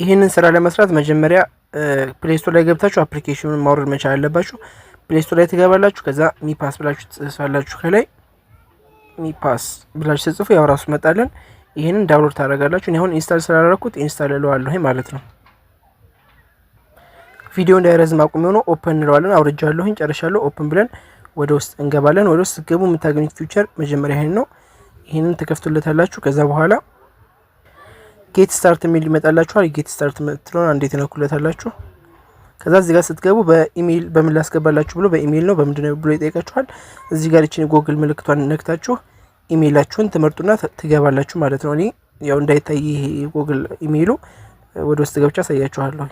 ይህንን ስራ ለመስራት መጀመሪያ ፕሌስቶር ላይ ገብታችሁ አፕሊኬሽኑን ማውረድ መቻል አለባችሁ። ፕሌስቶር ላይ ትገባላችሁ። ከዛ ሚፓስ ብላችሁ ትጽፋላችሁ። ከላይ ሚፓስ ብላችሁ ትጽፉ፣ ያው ራሱ መጣለን። ይህንን ዳውንሎድ ታደርጋላችሁ። አሁን ኢንስታል ስላደረኩት ኢንስታል እለዋለሁ ማለት ነው። ቪዲዮ እንዳይረዝም አቁም የሆነው ኦፕን እንለዋለን። አውርጃለሁኝ፣ ጨርሻለሁ። ኦፕን ብለን ወደ ውስጥ እንገባለን። ወደ ውስጥ ስገቡ የምታገኙት ፊውቸር መጀመሪያ ይህን ነው። ይህንን ትከፍቱለታላችሁ። ከዛ በኋላ ጌት ስታርት የሚል ይመጣላችኋል። ጌት ስታርት ምትለውን አንዴ ትነኩለታላችሁ። ከዛ እዚህ ጋር ስትገቡ በኢሜይል በምን ላስገባላችሁ ብሎ በኢሜይል ነው በምንድን ነው ብሎ ይጠይቃችኋል። እዚህ ጋር ይችን ጎግል ምልክቷን ነክታችሁ ኢሜይላችሁን ትመርጡና ትገባላችሁ ማለት ነው። እኔ ያው እንዳይታይ ይሄ ጎግል ኢሜይሉ ወደ ውስጥ ገብቻ አሳያችኋለሁ።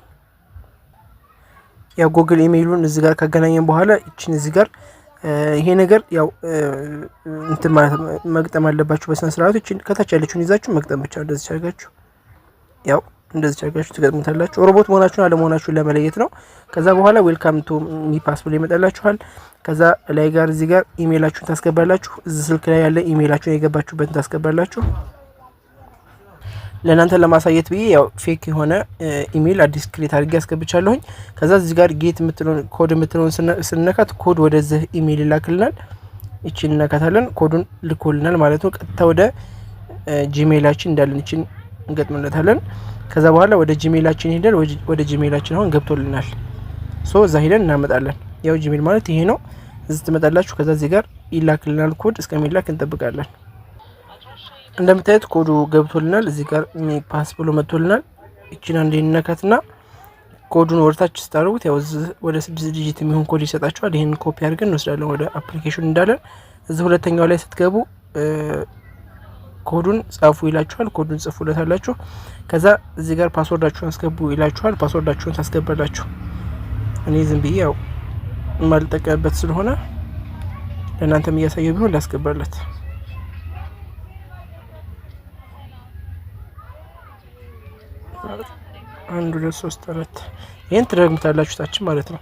ያው ጎግል ኢሜይሉን እዚህ ጋር ካገናኘን በኋላ ይችን እዚህ ጋር ይሄ ነገር ያው እንትን መግጠም አለባችሁ በስነ ስርዓቱ። ከታች ያለችውን ይዛችሁ መግጠም ብቻ እንደዚህ አድርጋችሁ ያው እንደዚህ አድርጋችሁ ትገጥሙታላችሁ። ሮቦት መሆናችሁን አለመሆናችሁን ለመለየት ነው። ከዛ በኋላ ዌልካም ቱ ሚፓስ ብሎ ይመጣላችኋል። ከዛ ላይ ጋር እዚህ ጋር ኢሜይላችሁን ታስገባላችሁ። እዚህ ስልክ ላይ ያለ ኢሜይላችሁን የገባችሁበትን ታስገባላችሁ። ለእናንተ ለማሳየት ብዬ ያው ፌክ የሆነ ኢሜይል አዲስ ክሬት አድርጌ ያስገብቻለሁኝ። ከዛ እዚህ ጋር ጌት የምትለውን ኮድ የምትለውን ስንነካት ኮድ ወደዚህ ኢሜይል ይላክልናል። ይቺ እንነካታለን። ኮዱን ልኮልናል ማለት ነው። ቀጥታ ወደ ጂሜይላችን እንዳለን ይችን እንገጥምለታለን። ከዛ በኋላ ወደ ጂሜላችን ሄደን ወደ ጂሜላችን አሁን ገብቶልናል። ሶ እዛ ሄደን እናመጣለን። ያው ጂሜል ማለት ይሄ ነው። እዚህ ትመጣላችሁ። ከዛ እዚህ ጋር ይላክልናል ኮድ። እስከሚላክ እንጠብቃለን። እንደምታዩት ኮዱ ገብቶልናል። እዚህ ጋር ሚፓስ ብሎ መጥቶልናል። እችን አንድ ነካትና ኮዱን ወደታች ስታደርጉት ያው ወደ ስድስት ዲጂት የሚሆን ኮድ ይሰጣችኋል። ይህን ኮፒ አድርገን እንወስዳለን ወደ አፕሊኬሽን እንዳለን። እዚህ ሁለተኛው ላይ ስትገቡ ኮዱን ጻፉ ይላችኋል። ኮዱን ጽፉለታላችሁ። ከዛ እዚህ ጋር ፓስወርዳችሁን አስገቡ ይላችኋል። ፓስወርዳችሁን ታስገባላችሁ። እኔ ዝም ብዬ ያው የማልጠቀምበት ስለሆነ ለእናንተም እያሳየው ቢሆን ላስገባለት አንድ ሁለት ሶስት አራት ይህን ትደግምታላችሁ ታችን ማለት ነው።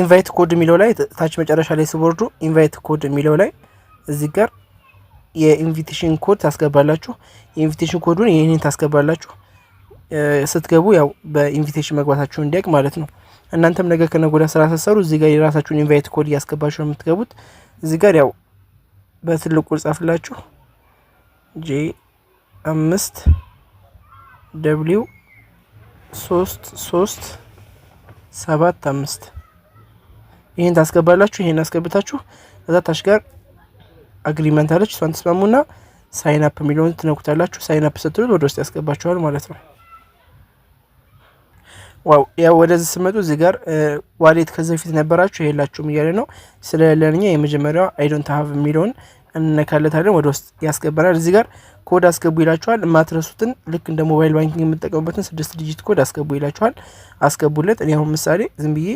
ኢንቫይት ኮድ የሚለው ላይ ታች መጨረሻ ላይ ስቦርዱ ኢንቫይት ኮድ የሚለው ላይ እዚህ ጋር የኢንቪቴሽን ኮድ ታስገባላችሁ። የኢንቪቴሽን ኮዱን ይህንን ታስገባላችሁ። ስትገቡ ያው በኢንቪቴሽን መግባታችሁን እንዲያውቅ ማለት ነው። እናንተም ነገር ከነጎዳ ስራ ስትሰሩ እዚህ ጋር የራሳችሁን ኢንቫይት ኮድ እያስገባችሁ ነው የምትገቡት። እዚህ ጋር ያው በትልቁ ጻፍላችሁ ጄ አምስት ደብሊው ሶስት ሶስት ሰባት አምስት ይህን ታስገባላችሁ። ይህን አስገብታችሁ እዛ ታች ጋር አግሪመንት አለች። እሷን ተስማሙና ሳይን አፕ የሚለውን ትነኩታላችሁ። ሳይን አፕ ስትሉት ወደ ውስጥ ያስገባችኋል ማለት ነው። ያው ወደዚህ ስመጡ እዚህ ጋር ዋሌት ከዚህ በፊት ነበራችሁ የላችሁም እያለ ነው። ስለሌለንኛ የመጀመሪያዋ አይዶንት ሀቭ የሚለውን እንነካለታለን። ወደ ውስጥ ያስገባናል። እዚህ ጋር ኮድ አስገቡ ይላችኋል። የማትረሱትን ልክ እንደ ሞባይል ባንኪንግ የምጠቀሙበትን ስድስት ዲጂት ኮድ አስገቡ ይላችኋል። አስገቡለት። እኔ አሁን ምሳሌ ዝም ብዬ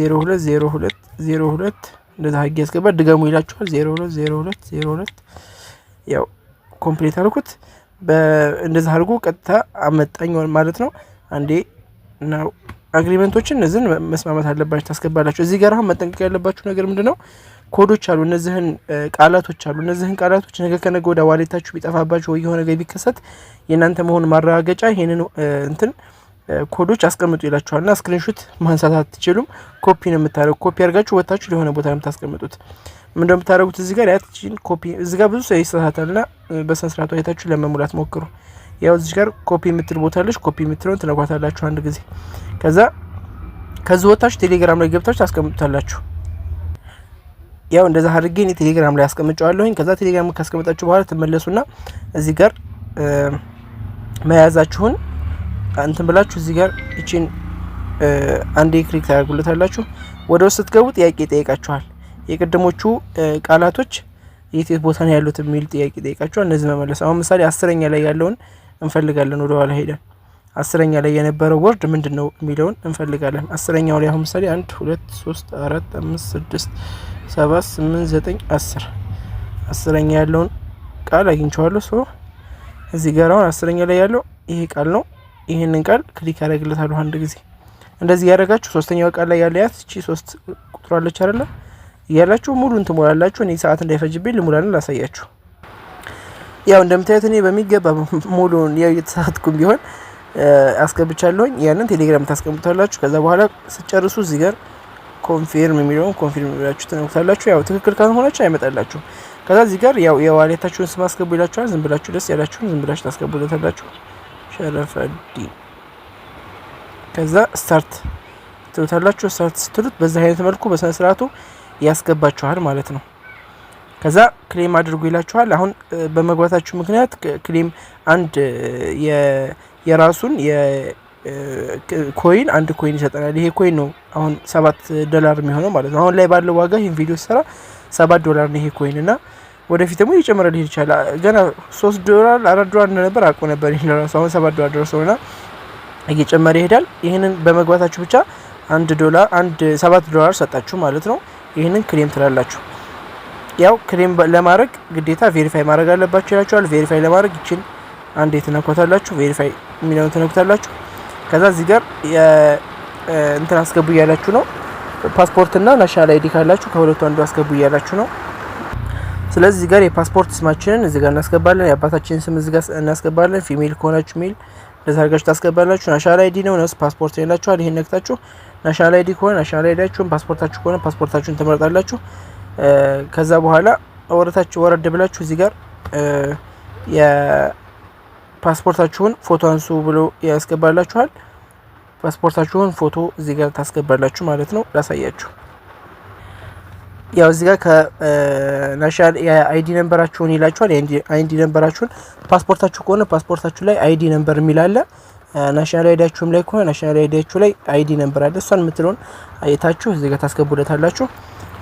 ዜሮ ሁለት ዜሮ ሁለት ዜሮ ሁለት እንደዛ ህግ ያስገባል። ድገሙ ይላችኋል። ዜሮ ሁለት ዜሮ ሁለት ዜሮ ሁለት ያው ኮምፕሌት አልኩት። እንደዛ አድርጎ ቀጥታ አመጣኝ ማለት ነው። አንዴ ነው አግሪመንቶችን እነዚህን መስማማት አለባችሁ ታስገባላችሁ። እዚህ ጋር አሁን መጠንቀቅ ያለባችሁ ነገር ምንድን ነው? ኮዶች አሉ፣ እነዚህን ቃላቶች አሉ። እነዚህን ቃላቶች ነገ ከነገ ወደ ዋሌታችሁ ቢጠፋባችሁ ወይ የሆነ ነገር ቢከሰት የእናንተ መሆን ማረጋገጫ ይሄንን እንትን ኮዶች አስቀምጡ ይላችኋልና ስክሪንሾት ማንሳት አትችሉም። ኮፒ ነው የምታደረጉ። ኮፒ አድርጋችሁ ወታችሁ የሆነ ቦታ ነው የምታስቀምጡት። ምንደ የምታደረጉት እዚህ ጋር ያችን ኮፒ እዚህ ጋር ብዙ ሰው ይሳሳታልና በስነስርዓቱ አይታችሁ ለመሙላት ሞክሩ። ያው እዚህ ጋር ኮፒ የምትል ቦታለች። ኮፒ የምትለውን ትነኳታላችሁ አንድ ጊዜ። ከዛ ከዚህ ወታችሁ ቴሌግራም ላይ ገብታችሁ ታስቀምጡታላችሁ። ያው እንደዛ አድርጌ እኔ ቴሌግራም ላይ አስቀምጫዋለሁኝ። ከዛ ቴሌግራም ካስቀመጣችሁ በኋላ ትመለሱና እዚህ ጋር መያዛችሁን እንትን ብላችሁ እዚህ ጋር እቺን አንዴ ክሊክ ታደርጉለታላችሁ። ወደ ውስጥ ስትገቡ ጥያቄ ይጠይቃችኋል። የቅድሞቹ ቃላቶች የት የት ቦታ ነው ያሉት የሚል ጥያቄ ይጠይቃችኋል። እነዚህ መመለስ አሁን ምሳሌ አስረኛ ላይ ያለውን እንፈልጋለን። ወደኋላ ኋላ ሄደን አስረኛ ላይ የነበረው ወርድ ምንድን ነው የሚለውን እንፈልጋለን። አስረኛው ላይ አሁን ምሳሌ አንድ ሁለት ሶስት አራት አምስት ስድስት ሰባት ስምንት ዘጠኝ አስር አስረኛ ያለውን ቃል አግኝቸዋለሁ ሶ እዚህ ጋር አሁን አስረኛ ላይ ያለው ይሄ ቃል ነው። ይህንን ቃል ክሊክ ያደረግለታሉ። አንድ ጊዜ እንደዚህ ያደረጋችሁ ሶስተኛው ቃል ላይ ያለ ያት እቺ ሶስት ቁጥሯለች አይደለ እያላችሁ ሙሉን ትሞላላችሁ። እኔ ሰዓት እንዳይፈጅብኝ ልሙላልን ላሳያችሁ። ያው እንደምታዩት እኔ በሚገባ ሙሉን ያው የተሳትኩም ቢሆን አስገብቻለሁኝ። ያንን ቴሌግራም ታስቀምጣላችሁ። ከዛ በኋላ ስጨርሱ እዚህ ጋር ኮንፊርም የሚለውን ኮንፊርም ብላችሁ ትነኩታላችሁ። ያው ትክክል ካልሆናችሁ አይመጣላችሁ። ከዛ እዚህ ጋር ያው የዋሌታችሁን ስም አስገቡ ይላችኋል። ዝም ብላችሁ ደስ ያላችሁን ዝም ብላችሁ ታስገቡለታላችሁ። ሸረፈዲ ከዛ ስታርት ትሉታላችሁ። ስታርት ስትሉት በዛ አይነት መልኩ በስነ ስርዓቱ ያስገባችኋል ማለት ነው። ከዛ ክሌም አድርጉ ይላችኋል። አሁን በመግባታችሁ ምክንያት ክሌም አንድ የራሱን ኮይን አንድ ኮይን ይሰጠናል። ይሄ ኮይን ነው አሁን ሰባት ዶላር የሚሆነው ማለት ነው። አሁን ላይ ባለው ዋጋ ይህን ቪዲዮ ስራ ሰባት ዶላር ነው ይሄ ኮይን እና ወደፊት ደግሞ እየጨመረ ሊሄድ ይችላል። ገና ሶስት ዶላር አራት ዶላር እንደነበር አውቆ ነበር ይህ ለራሱ አሁን ሰባት ዶላር ደርሰውና እየጨመረ ይሄዳል። ይህንን በመግባታችሁ ብቻ አንድ ዶላር አንድ ሰባት ዶላር ሰጣችሁ ማለት ነው። ይህንን ክሌም ትላላችሁ። ያው ክሌም ለማድረግ ግዴታ ቬሪፋይ ማድረግ አለባችሁ ይላችኋል። ቬሪፋይ ለማድረግ ይችን አንድ ትነኩታላችሁ። ቬሪፋይ የሚለውን ትነኩታላችሁ። ከዛ እዚህ ጋር እንትን አስገቡ እያላችሁ ነው። ፓስፖርትና ናሽናል አይዲ ካላችሁ ከሁለቱ አንዱ አስገቡ እያላችሁ ነው። ስለዚህ ጋር የፓስፖርት ስማችንን እዚህ ጋር እናስገባለን። የአባታችንን ስም እዚህ ጋር እናስገባለን። ፊሜል ከሆናችሁ ሜል እንደዛ አድርጋችሁ ታስገባላችሁ። ናሽናል አይዲ ነው ነስ ፓስፖርት ይላችኋል። ይሄን ነክታችሁ ናሽናል አይዲ ከሆነ ናሽናል አይዲያችሁን፣ ፓስፖርታችሁ ከሆነ ፓስፖርታችሁን ትመርጣላችሁ። ከዛ በኋላ ወረታችሁ ወረድ ብላችሁ እዚህ ጋር የፓስፖርታችሁን ፎቶ አንሱ ብሎ ያስገባላችኋል። ፓስፖርታችሁን ፎቶ እዚህ ጋር ታስገባላችሁ ማለት ነው። ላሳያችሁ ያው እዚህ ጋር ከናሽናል የአይዲ ነንበራችሁን ይላችኋል። አይዲ ነንበራችሁን ፓስፖርታችሁ ከሆነ ፓስፖርታችሁ ላይ አይዲ ነንበር የሚላለ ናሽናል አይዲያችሁም ላይ ከሆነ ናሽናል አይዲያችሁ ላይ አይዲ ነንበር አለ። እሷን የምትለውን አይታችሁ እዚህ ጋር ታስገቡለታላችሁ።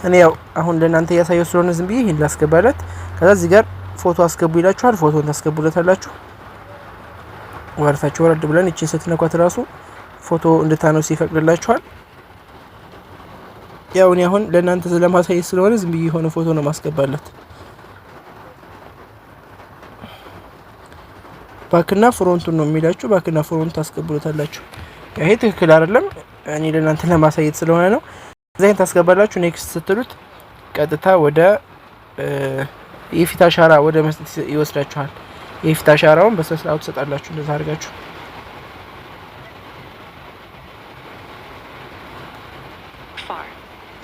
እኔ ያው አሁን ለእናንተ እያሳየው ስለሆነ ዝም ብዬ ይህን ላስገባለት። ከዛ እዚህ ጋር ፎቶ አስገቡ ይላችኋል። ፎቶን ታስገቡለታላችሁ። ወረታችሁ ወረድ ብለን እችን ስትነኳት ራሱ ፎቶ እንድታነሱ ይፈቅድላችኋል። ያው እኔ አሁን ለእናንተ ለማሳየት ስለሆነ ዝም ብዬ የሆነ ፎቶ ነው ማስገባላት። ባክና ፍሮንቱን ነው የሚላችሁ። ባክና ፍሮንት ታስገብሎታላችሁ። ይሄ ትክክል አይደለም። እኔ ለእናንተ ለማሳየት ስለሆነ ነው። እዚህን ታስገባላችሁ። ኔክስት ስትሉት ቀጥታ ወደ የፊት አሻራ ወደ መስጠት ይወስዳችኋል። የፊት አሻራውን በስነ ትሰጣላችሁ። እንደዛ አድርጋችሁ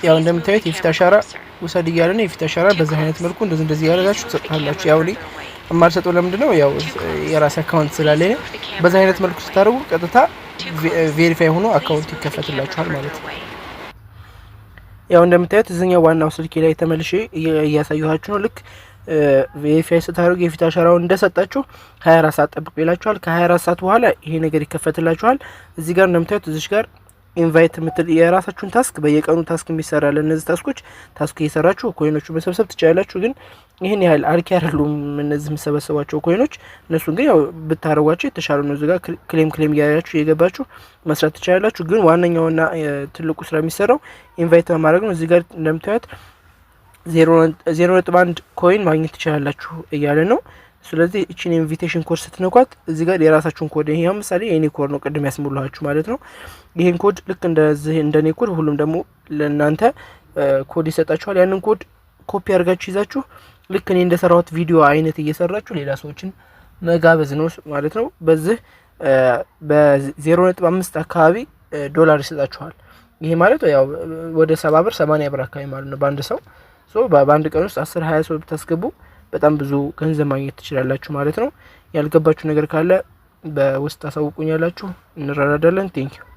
ያው እንደምታዩት የፊት አሻራ ውሰድ እያለ ነው። የፊት አሻራ በዛ አይነት መልኩ እንደዚህ እንደዚህ ያደረጋችሁ ትሰጡታላችሁ። ያው ላይ የማልሰጠው ለምንድን ነው? ያው የራሴ አካውንት ስላለ ነው። በዛ አይነት መልኩ ስታደርጉ ቀጥታ ቬሪፋይ ሆኖ አካውንት ይከፈትላችኋል ማለት ነው። ያው እንደምታዩት እዚህኛው ዋናው ስልኬ ላይ ተመልሼ እያሳየኋችሁ ነው። ልክ ቬሪፋይ ስታደርጉ የፊት አሻራውን እንደሰጣችሁ 24 ሰዓት ጠብቁ ይላችኋል። ከ24 ሰዓት በኋላ ይሄ ነገር ይከፈትላችኋል። እዚህ ጋር እንደምታዩት እዚህ ጋር ኢንቫይት የምትል የራሳችሁን ታስክ በየቀኑ ታስክ የሚሰራ ለእነዚህ ታስኮች ታስክ እየሰራችሁ ኮይኖቹ መሰብሰብ ትችላላችሁ። ግን ይህን ያህል አርኪ አይደሉም እነዚህ የምሰበሰባቸው ኮይኖች። እነሱን ግን ያው ብታደረጓቸው የተሻለ ነው። እዚጋ ክሌም ክሌም እያያችሁ እየገባችሁ መስራት ትችላላችሁ። ግን ዋነኛውና ትልቁ ስራ የሚሰራው ኢንቫይት በማድረግ ነው። እዚህ ጋር እንደምታዩት ዜሮ ነጥብ አንድ ኮይን ማግኘት ትችላላችሁ እያለ ነው። ስለዚህ እችን ኢንቪቴሽን ኮድ ስትነኳት እዚህ ጋር የራሳችሁን ኮድ ይሄ ምሳሌ የኔ ኮድ ነው ቅድም ያስሞላችሁ ማለት ነው። ይሄን ኮድ ልክ እንደዚህ እንደኔ ኮድ ሁሉም ደግሞ ለእናንተ ኮድ ይሰጣችኋል። ያንን ኮድ ኮፒ አድርጋችሁ ይዛችሁ ልክ እኔ እንደሰራሁት ቪዲዮ አይነት እየሰራችሁ ሌላ ሰዎችን መጋበዝ ነው ማለት ነው። በዚህ በዜሮ አምስት አካባቢ ዶላር ይሰጣችኋል። ይሄ ማለት ያው ወደ ሰባ ብር ሰማንያ ብር አካባቢ ማለት ነው በአንድ ሰው በአንድ ቀን ውስጥ አስር ሀያ ሰው ብታስገቡ በጣም ብዙ ገንዘብ ማግኘት ትችላላችሁ ማለት ነው። ያልገባችሁ ነገር ካለ በውስጥ አሳውቁኛላችሁ እንራዳዳለን። እንረዳዳለን።